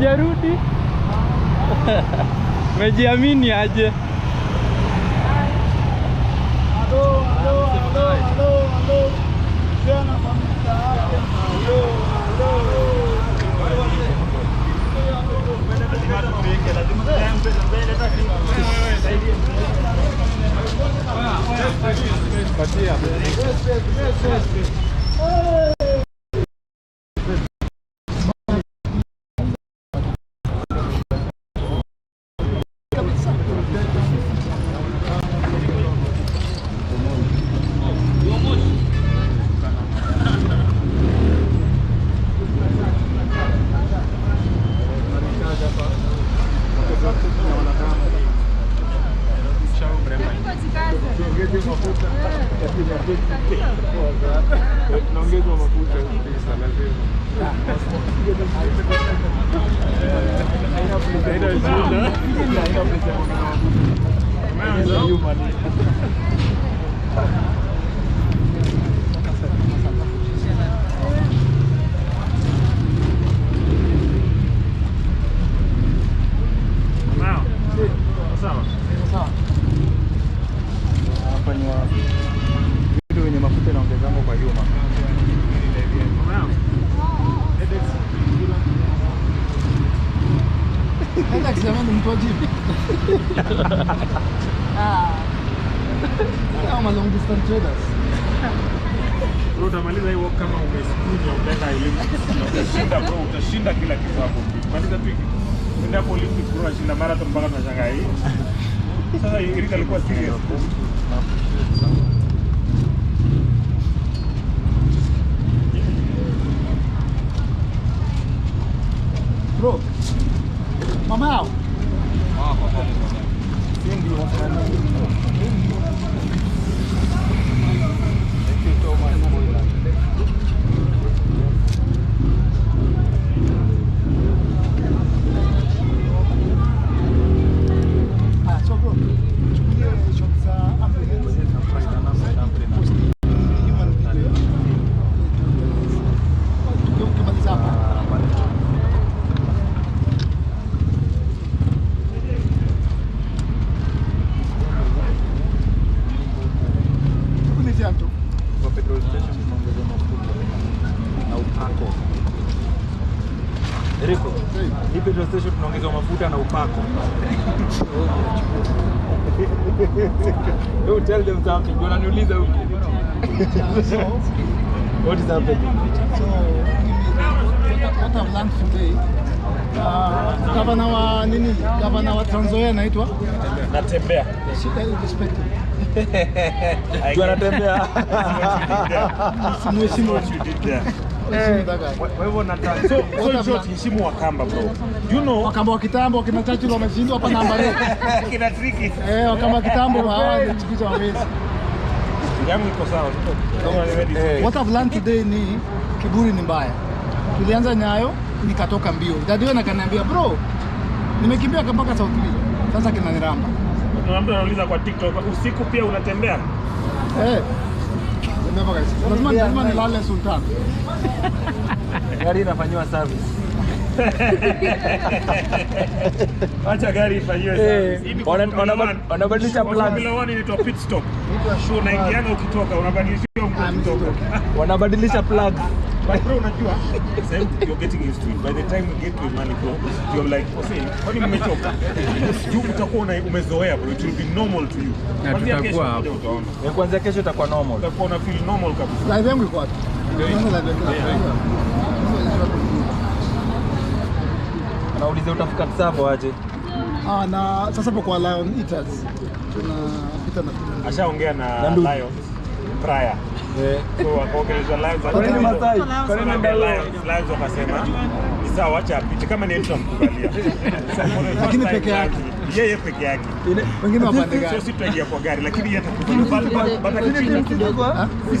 Hujarudi? Umejiamini aje? akisema ni mtoji kama long distance traders utamaliza hii kama umesikunya ukaenda Olympics utashinda bro, utashinda kila kitu hapo. Maliza tu hiki, hapo Olympics bro, unashinda marathon mpaka tunashangaa hii. Sasa Ingrid alikuwa serious bro Mama. Ah, Mama. Sehen wir u what is happening? So, what, I've learned today, uh, governor wa nini, governor wa Trans Nzoia anaitwa Natembea. She ni respect. Tunatembea. Mheshimiwa kwa hivyo nataka tuheshimu Wakamba bro. You know Wakamba wa kitambo kina Churchill wameshindwa hapa namba leo. Kina tricky. Eh, Wakamba kitambo hawa ni chikizo wawezi yangu iko sawa. Eh. What I've learned today ni kiburi ni mbaya. Tulianza Nyayo nikatoka mbio, Dadeo nakaniambia bro, nimekimbia mpaka South Lee, sasa kinaniramba. Kuna anauliza kwa TikTok, usiku pia unatembea? Eh. Lazima nilale Sultan. Gari yaani inafanyiwa service. Acha gari ifanyiwe. Eh, wanabadilisha plan. Pit stop. Unaingiana ukitoka, unabadilisha wanabadilisha plug. But bro, unajua you're getting used to it. By the time you get to Imani bro, you're like, "Ose, kwani mmechoka?" Juu utakuwa umezoea bro, it will be normal to you. Kuanzia kesho utaona. Ya kuanzia kesho itakuwa normal. Utakuwa una feel normal kabisa. Live yangu iko wapi? Ndio. Naulize utafika Tsavo aje? Ah, na sasa hapo kwa Lion Eaters tunapita na ashaongea na Lion prior eh. kama lakini peke yake yeye peke yake, wengine wapande gari, kwa gari, lakini tena kiongozi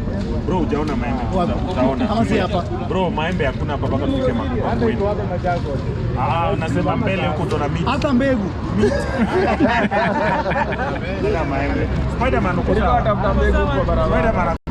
Bro, ujaona maembe utaona. Kama si hapa. Bro, maembe hakuna hapa mpaka tufike Makongeni. Ah, unasema mbele huko tuna miti. Hata mbegu. Bila maembe. Spiderman uko sawa. Spiderman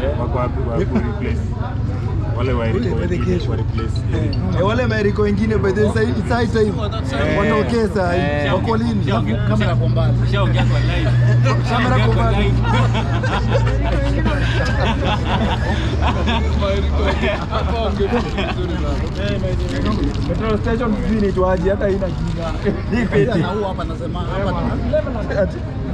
Eh, wale wa eh. Eh, wale maeriko wengine by the wako lini? Kamera kwa mbali, petrol station sijui hata ina jina.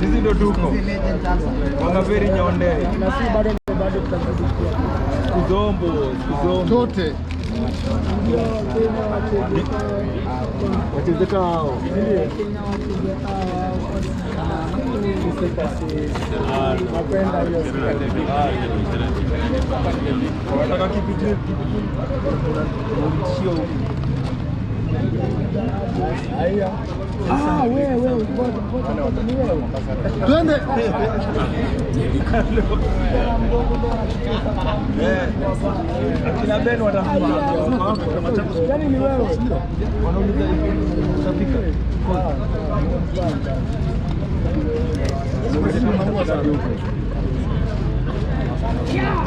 Sisi ndo tuko Wangaveri Nyonde Kuzombo, Kuzombo zote wachezeka hao kipi? Ah, wewe twende akina Ben watakuja, yaani ni wewe wanauliza utafika Yeah.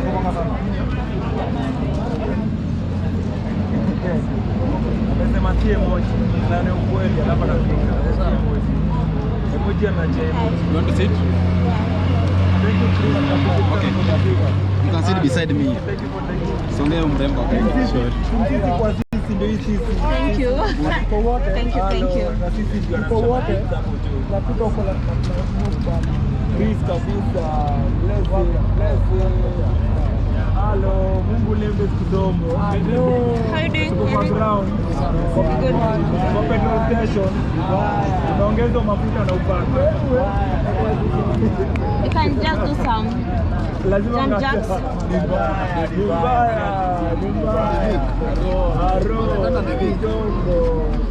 emoji na ni ukweli, alafu emoji emoji You want to sit? Okay. You can sit beside me. Songea mrembo akae short. Thank you. Thank you, thank you. Kwa wote na tuko kwa Please kabisa blessing Hello, Mungu Lembes Kidombo. Hello. How are you doing? Tuko ground. Good one. Kwa petrol station. Tunaongeza mafuta na upaka. If I just do some. Lazima Jam jacks. Dubai, Dubai, Dubai. Aro, Kidombo.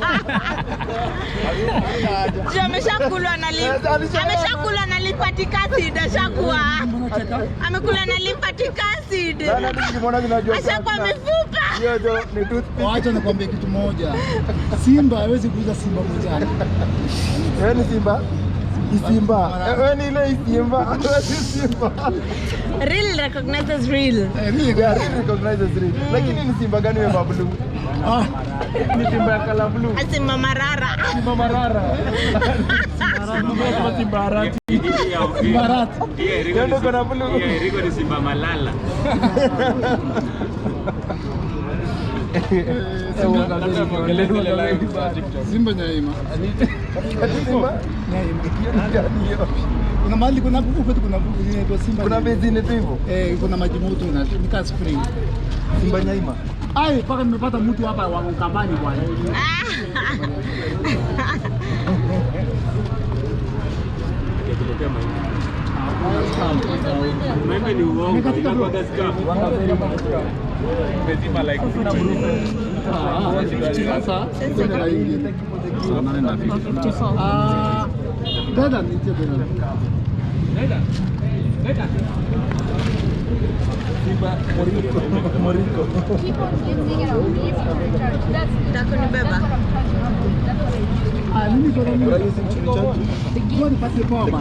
Juu ameshakulwa na ameshakulwa na lipatic acid ashakuwa amekula na lipatic acid ashakuwa mifupa. Wacha nikwambie kitu moja, Simba hawezi kuuza Simba mojani. Wewe ni Simba Isimba. Wewe ni ile Isimba. Isimba. Real recognizes real. Eh, mimi real recognizes real. Mm. Lakini ni Simba gani wewe babu? Ni Simba ya kala blue. Ah, Simba marara. Simba marara. Simba marara. Simba rati. Ndio kuna blue. Ndio Rigo ni Simba malala. Simba Nyaima. Kuna mahali kuna buku kwetu kuna buku zinaitwa Simba. Kuna bezi inaitwa hivyo? Eh, kuna maji moto na nika spring. Simba Nyaima. Ai, paka nimepata mtu hapa wa Ukambani bwana. Ah, dada nitie dada. Dada. Dada. Moriko. Moriko. Keep on cleansing it out. Needs to recharge. That's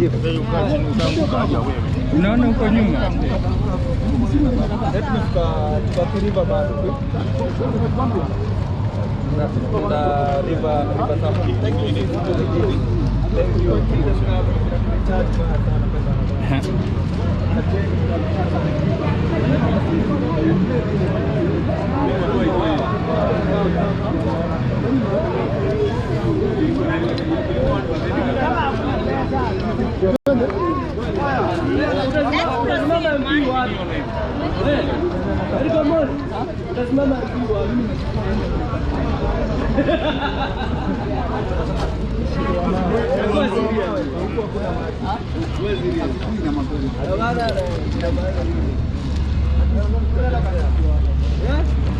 Takunibeba. Unaona huko nyuma tukakiriva bado na riva riva safi thank you Let's mama. Yeah.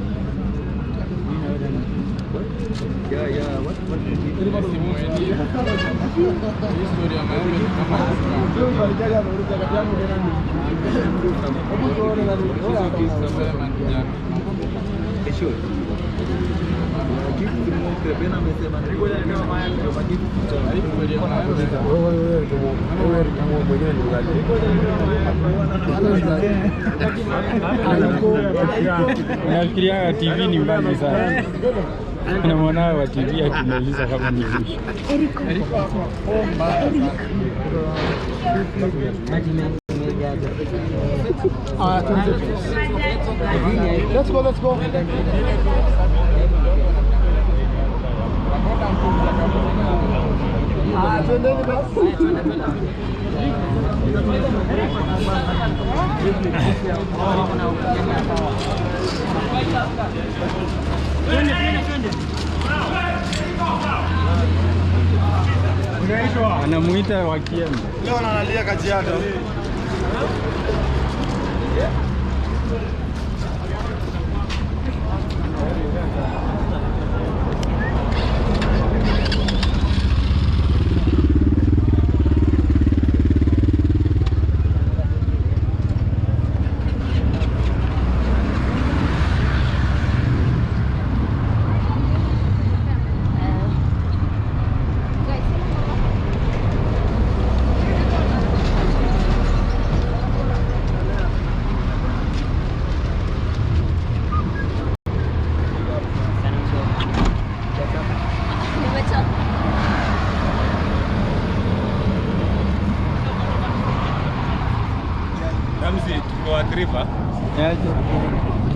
Yeah, yeah. What? What did he do? Historia, man. Come on. Come on. Come on. Come on. Nafikiriaga TV ni mbali sana na mwanawe wa TV akimuuliza kama ni mwisho. Let's go, let's go. twendeni basi. Anamuita Leo analalia kazi yake.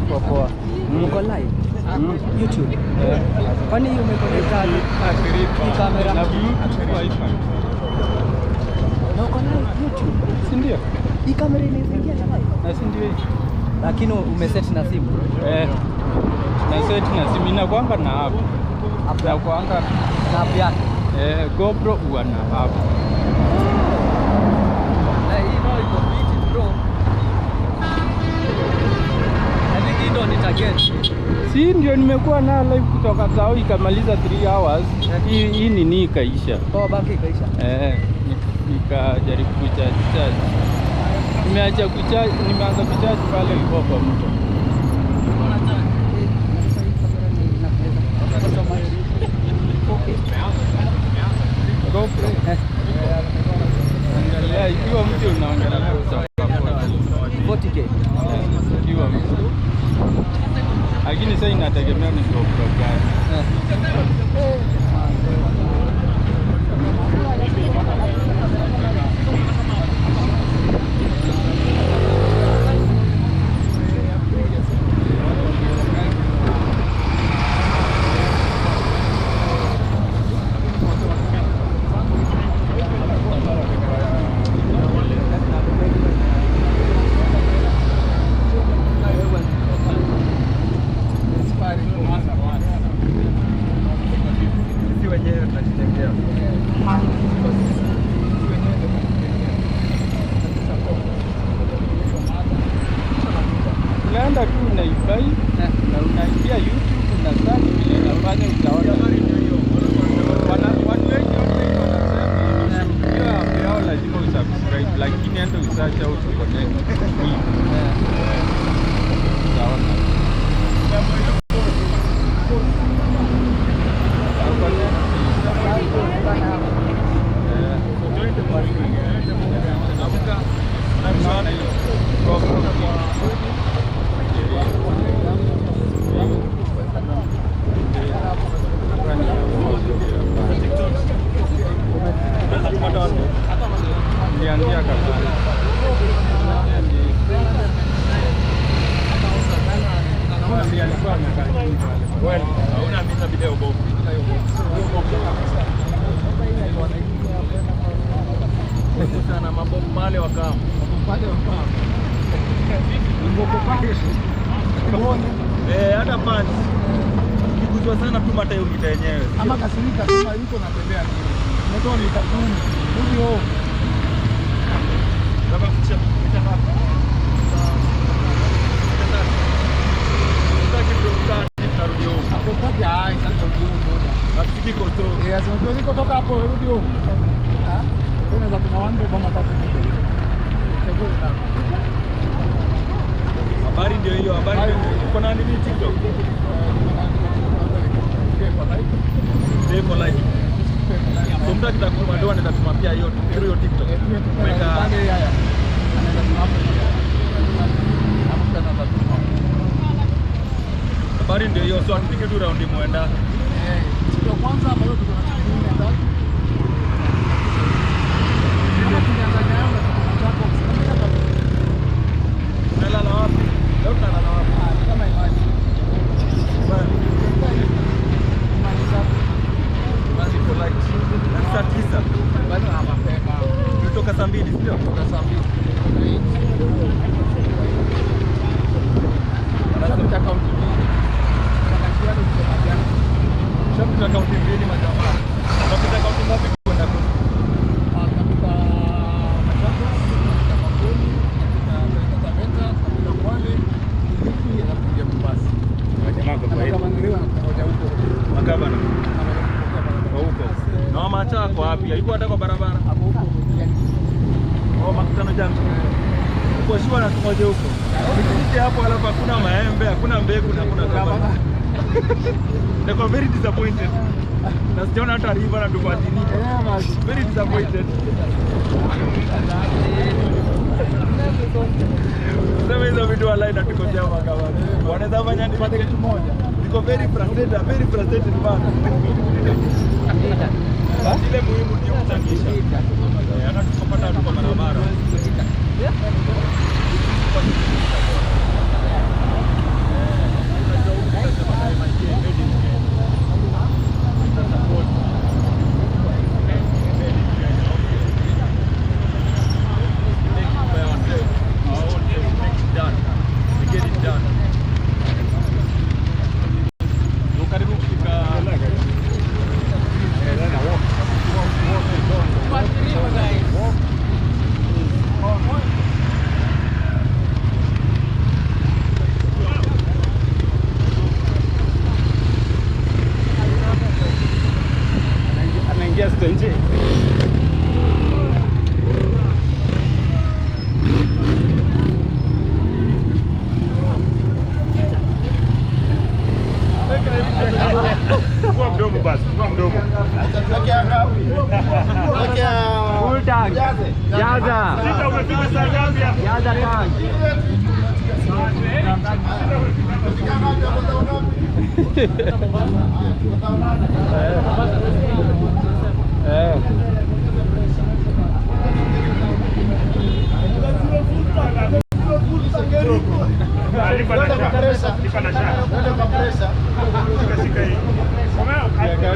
Kwa poa. Mko mm. live? Mm. YouTube. Kwani hiyo umekonekta ni kamera? Na uko live YouTube? Si ndio? Hii kamera inaingia live? Na si ndio hii? Lakini umeset na simu? Eh. Na set na simu inakwanga na app. App ya kwanga na app Eh, GoPro huwa na app. Si ndio nimekuwa na live kutoka sao ikamaliza 3 hours. Hii hii nini ikaisha. Oh, baki ikaisha. Eh. Nikajaribu kuchaji chaji. Nimeacha kuchaji, nimeanza kuchaji pale ilipo kwa mtu. Angalia ikiwa mtu unaangalia 40k. Eh, ikiwa mtu lakini sasa inategemea ni program gani. wa Kamu. Eh, hata pani kikuzwa sana tu mata ungita yenyewe. Ama kasirika kama yuko natembea nini? Moto ni takumi. Rudi ho. Kama kisha kupita hapa. Sasa kidogo tarudi huko. Hapo kati hai sasa tarudi Rafiki koto. Eh, sasa ndio hapo rudi huko. Ah? Kuna za kuna wangu kwa matatu. Habari ndio hiyo, habari ndio uko na nini TikTok? Stay for life. So mtu akitakuma doa anaweza pia hiyo hiyo TikTok. Weka habari ndio hiyo, so atupige tu raundi mwenda. Eh, kwanza kukwashiwa na tumoje huko nikifika hapo, alafu hakuna maembe, hakuna mbegu na hakuna kama niko very disappointed na sijaona hata river na tupatini. very disappointed sema hizo vitu walai na tuko chama kama wanaweza fanya ni pate kitu moja, niko very frustrated, very frustrated man ile muhimu ndio kuchangisha, eh, hata tukopata tuko barabara yapıldı. Evet.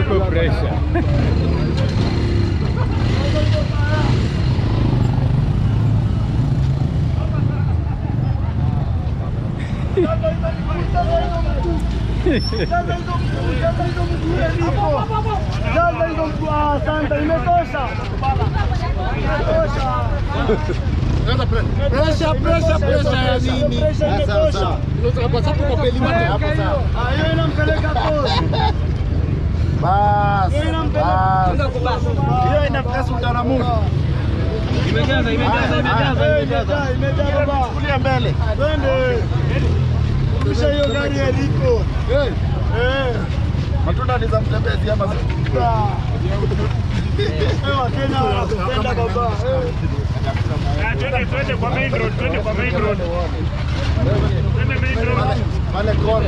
Super pressure. Pressure, pressure, pressure nini? Sasa sasa. Tunapaswa já tá indo sasa. Ayo na mpeleka tosi. Bas. Eh, hiyo inapesa utaramuni. Imejaza, imejaza, imejaza, imejaza. Imejaza mbele. Twende. Kisha hiyo gari yaliko. Eh. Eh. Matunda ni za mtembezi ama za Wakenya wanakupenda baba. Eh. Ah, twende twende kwa main road, twende kwa main road. Twende main road. Pale kona.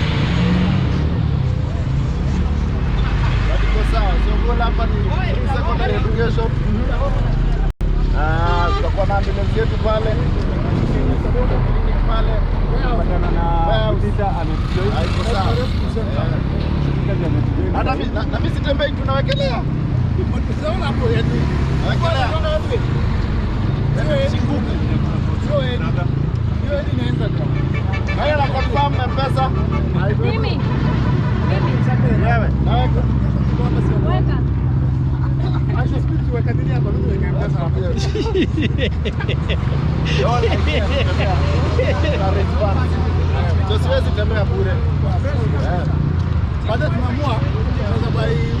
Siwezi tembea bure. Baada tunamua tunaweza bai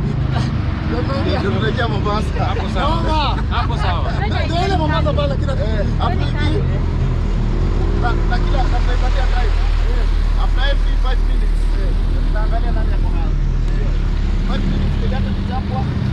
não Mombasa. Hapo Não, Hapo sawa. Ndio ile Mombasa pale kila hapo hivi. Na kila ataipatia time. After every 5 minutes. Tunaangalia nani yako hapo. 5 minutes ndio hata tutapwa.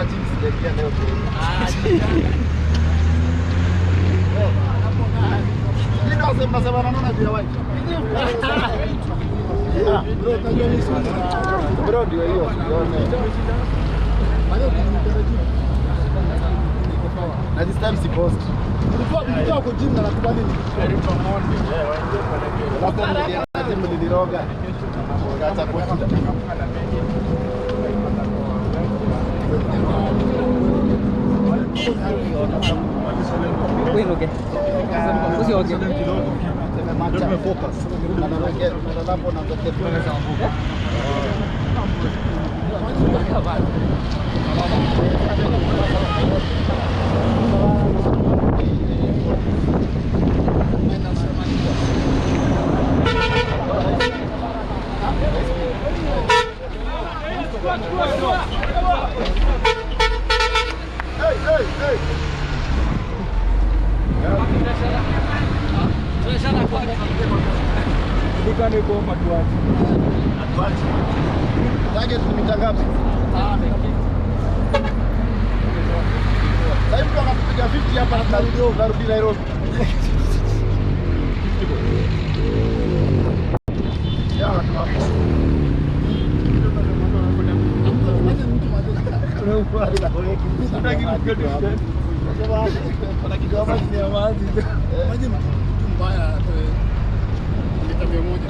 kutoka chini sijaingia leo. Bro, ndio hiyo. Na this time si post. Ulikuwa uko gym na nakubali. Hapo niliroga. Kacha kwa kida. Bueno, ¿qué? Fusión, ¿qué? Yo me focas. Me da por no te pones a un poco. Let's go, let's go. nane iko hapa tuache. Tuache. Target ni mita ngapi? Ah, Sasa mtu anapiga 50 hapa atarudi over arudi Nairobi. Maji mbaya, lita mia moja